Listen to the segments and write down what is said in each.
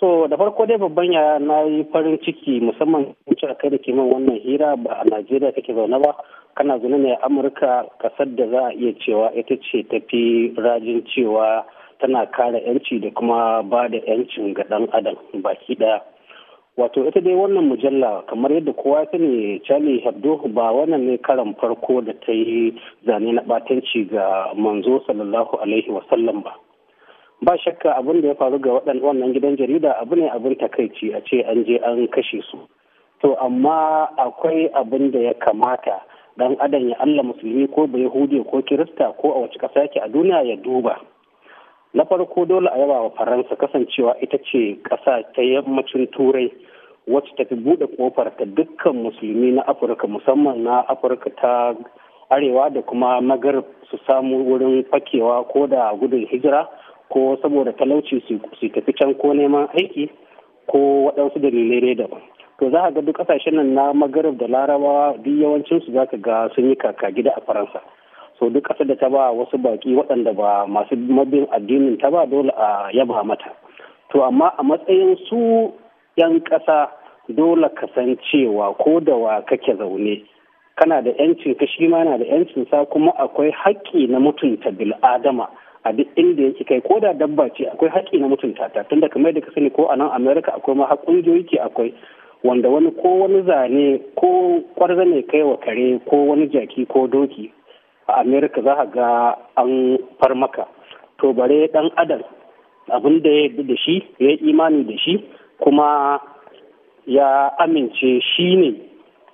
so da farko dai babban yaya na yi farin ciki musamman cewa kai da ke wannan hira ba a Najeriya kake zaune ba kana zaune ne a Amurka kasar da za a iya cewa ita ce tafi rajin cewa tana kare 'yanci da kuma ba da 'yancin ga ɗan adam baki ɗaya. Wato ita dai wannan mujalla kamar yadda kowa ya sani Charlie Hebdo ba wannan ne karan farko da ta yi zane na batanci ga manzo sallallahu alaihi wasallam ba. ba shakka abin da ya faru ga wannan gidan jarida abu ne abin takaici a ce an je an kashe su to amma akwai abin da ya kamata dan adam ya allah musulmi ko bai yahudi ko kirista ko a wace ƙasa yake a duniya ya duba na farko dole a yaba wa faransa kasancewa ita ce ƙasa ta yammacin turai wacce fi buɗe ƙofar ta dukkan musulmi na afirka musamman na afirka ta arewa da kuma magarib su samu wurin fakewa ko da gudun hijira ko saboda talauci su tafi can ko neman aiki ko waɗansu dalilai ne daban to za ga duk ƙasashen nan na magarib da larabawa duk yawancinsu za ka ga sun yi kaka gida a faransa so duk ƙasar da ta ba wasu baƙi waɗanda ba masu mabin addinin ta ba dole a yaba mata to amma a matsayin su 'yan ƙasa dole ka san cewa ko da wa kake zaune kana da 'yancin ka shi ma na da 'yancin sa kuma akwai haƙƙi na mutunta bil'adama a duk inda yake kai ko da dabba ce akwai haƙƙi na mutunta ta tunda kamar da ka sani ko a nan america akwai ma ke akwai wanda wani ko wani zane ko kwarza ne kai wa kare ko wani jaki ko doki a america za ga an far maka to bare dan adam abin da ya da shi ya imani da shi kuma ya amince shi ne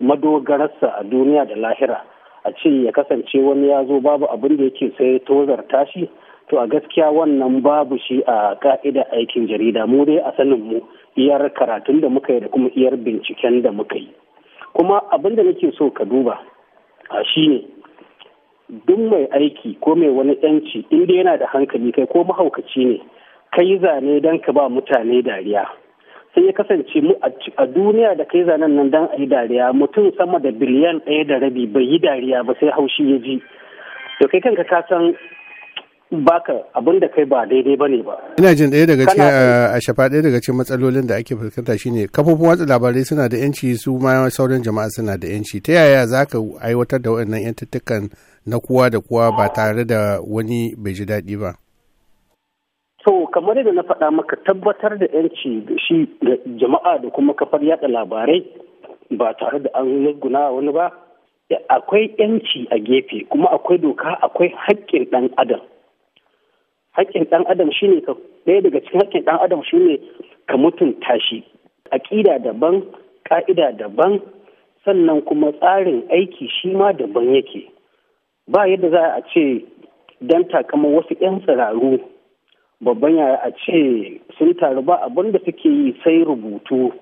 madogararsa a duniya da lahira a ce ya kasance wani ya zo babu abin da yake sai tozarta shi to a gaskiya wannan babu shi a ka'ida aikin jarida mu dai a sanin mu iyar karatun da muka yi da kuma iyar binciken da muka yi kuma abin da nake so ka duba a ne. duk mai aiki ko mai wani yanci inda yana da hankali kai ko mahaukaci ne kai zane don ka ba mutane dariya sai ya kasance mu a duniya da kai zanen nan don a yi dariya mutum sama da biliyan ɗaya da rabi bai yi dariya ba sai haushi ya ji to kai kanka ka san baka abin da kai ba daidai ba ne ba. Ina jin ɗaya daga cikin a shafa ɗaya daga cikin matsalolin da ake fuskanta shine kafofin watsa labarai suna da yanci su ma sauran jama'a suna da yanci ta yaya za ka aiwatar da waɗannan yantattukan na kowa da kowa ba tare da wani bai ji daɗi ba. To kamar yadda na faɗa maka tabbatar da yanci shi ga jama'a da kuma kafar yada labarai ba tare da an guna wani ba akwai yanci a gefe kuma akwai doka akwai haƙƙin ɗan adam. haƙƙin ɗan adam shi ne ɗaya daga cikin haƙƙin ɗan adam shine ka mutunta shi aƙida daban ƙa'ida daban sannan kuma tsarin aiki shi ma daban yake ba yadda za a ce don takamar wasu 'yan tsiraru babban ya a ce sun taru ba abin da suke yi sai rubutu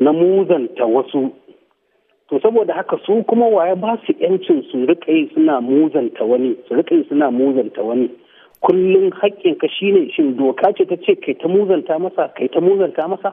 na muzanta wasu to saboda haka su kuma waye ba su 'yancin su rika muzanta wani su suna muzanta wani kullum haƙƙin ka shine shin doka ce ta ce kai ta muzanta masa kai ta muzanta masa